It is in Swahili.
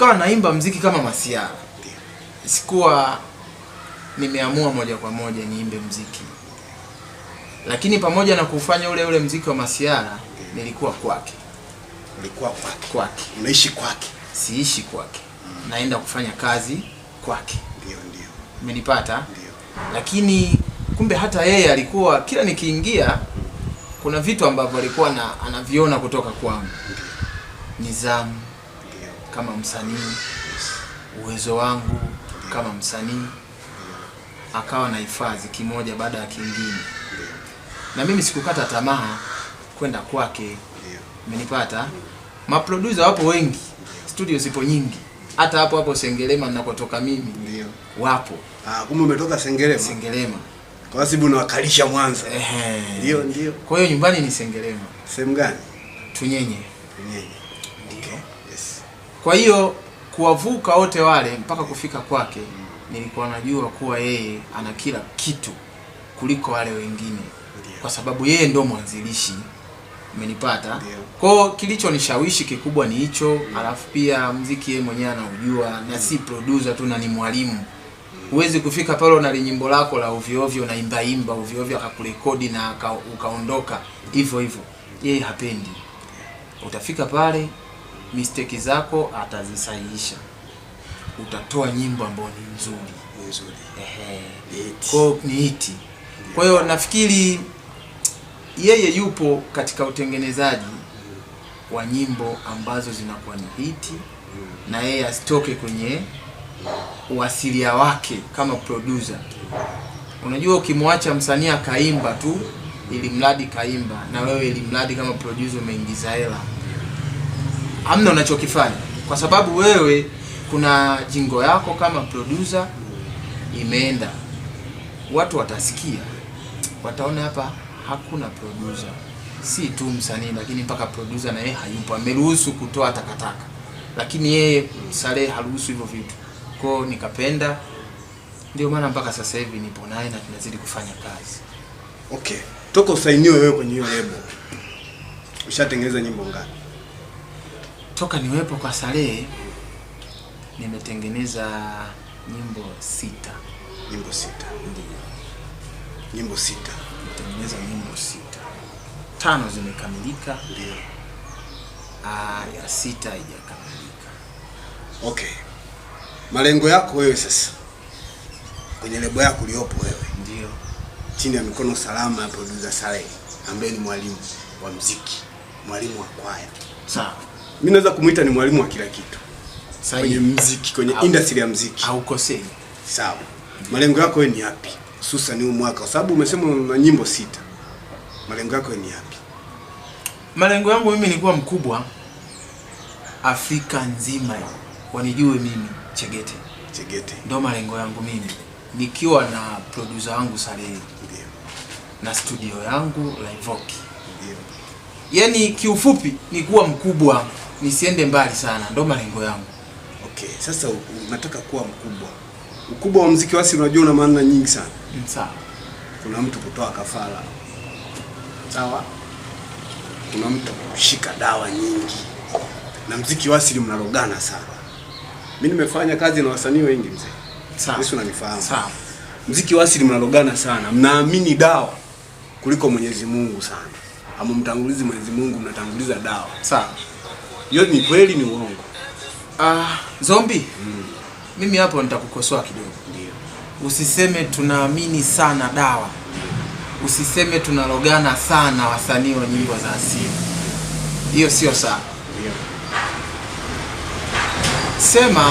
nikawa naimba mziki kama masiara. Sikuwa nimeamua moja kwa moja niimbe mziki, lakini pamoja na kufanya ule ule mziki wa masiara nilikuwa kwake, nilikuwa kwake, kwake, unaishi kwake, siishi kwake, mm. naenda kufanya kazi kwake, ndio ndio, umenipata? Ndio. Lakini kumbe hata yeye alikuwa kila nikiingia, kuna vitu ambavyo alikuwa na anaviona kutoka kwangu, nidhamu kama msanii, uwezo wangu kama msanii, akawa na hifadhi kimoja baada ya kingine, na mimi sikukata tamaa kwenda kwake. Umenipata? Maproducer wapo wengi, studio zipo nyingi, hata hapo hapo Sengerema ninakotoka mimi ndio wapo. Ah, kumbe umetoka sengelema sengelema kwa sababu unawakalisha Mwanza. Ehe, ndio ndio. Kwa hiyo nyumbani ni Sengerema. Sehemu gani? Tunyenye. Tunyenye. Okay. Yes. Kwa hiyo kuwavuka wote wale mpaka kufika kwake, nilikuwa najua kuwa yeye ana kila kitu kuliko wale wengine, kwa sababu yeye ndo mwanzilishi. Umenipata? Kwao kilichonishawishi kikubwa ni hicho, alafu pia mziki yeye mwenyewe anaujua, na si producer tu, na ni mwalimu. Huwezi kufika pale na nyimbo lako la ovyo ovyo unaimba imba ovyo ovyo akakurekodi na ukaondoka hivyo hivyo. Yeye hapendi, utafika pale mistake zako atazisahihisha, utatoa nyimbo ambayo ni nzuri nzuri, ehe, kwa ni hiti. Kwa hiyo nafikiri yeye yupo katika utengenezaji wa nyimbo ambazo zinakuwa ni hiti, mm. na yeye asitoke kwenye uasilia wake kama producer. Unajua, ukimwacha msanii akaimba tu, ili mradi kaimba, na wewe ili mradi kama producer umeingiza hela hamna unachokifanya, kwa sababu wewe kuna jingo yako kama producer imeenda, watu watasikia, wataona hapa hakuna producer, si tu msanii lakini mpaka producer na yeye hayupo. Ameruhusu kutoa takataka, lakini yeye salehe haruhusu hivyo vitu kwao. Nikapenda, ndio maana mpaka sasa hivi nipo naye na tunazidi kufanya kazi. Okay, toka usainiwe wewe kwenye hiyo lebo, ushatengeneza nyimbo ngapi? toka niwepo kwa Salehe nimetengeneza nyimbo sita. Nyimbo sita? ndio nyimbo sita. Nimetengeneza nyimbo sita, tano zimekamilika. ndio ah, ya sita haijakamilika. Okay, malengo yako wewe sasa kwenye lebo yako uliopo wewe? ndio chini ya mikono salama ya producer Salehe ambaye ni mwalimu wa mziki, mwalimu wa kwaya. Sawa mimi naweza kumuita ni mwalimu wa kila kitu Sahi. kwenye muziki, kwenye au, industry ya au kosei. Sawa, malengo yako wewe ni yapi, hususan huu mwaka, kwa sababu umesema una nyimbo sita, malengo yako ni yapi? Malengo yangu mimi ni kuwa mkubwa Afrika nzima wanijue mimi Chegete. Chegete ndo malengo yangu mimi, nikiwa na producer wangu Salehe na studio yangu Livoki, yaani kiufupi ni kuwa mkubwa nisiende mbali sana, ndo malengo yangu. Okay, sasa unataka kuwa mkubwa. Ukubwa wa mziki wasi, unajua una maana nyingi sana. Mm, sawa. Kuna mtu kutoa kafara, sawa. Kuna mtu kushika dawa nyingi, na mziki wa asili mnalogana sana. Mimi nimefanya kazi na wasanii wengi mzee, sawa, unanifahamu. Sawa. Mziki wa asili mnalogana sana, mnaamini dawa kuliko Mwenyezi Mungu sana, ama mtangulizi Mwenyezi Mungu, mnatanguliza dawa. Sawa hiyo ni kweli ni uongo? Ah, Zombi mm. Mimi hapo nitakukosoa kidogo. Ndio. Usiseme tunaamini sana dawa, usiseme tunalogana sana wasanii wa nyimbo za asili, hiyo sio sawa. Ndio. Sema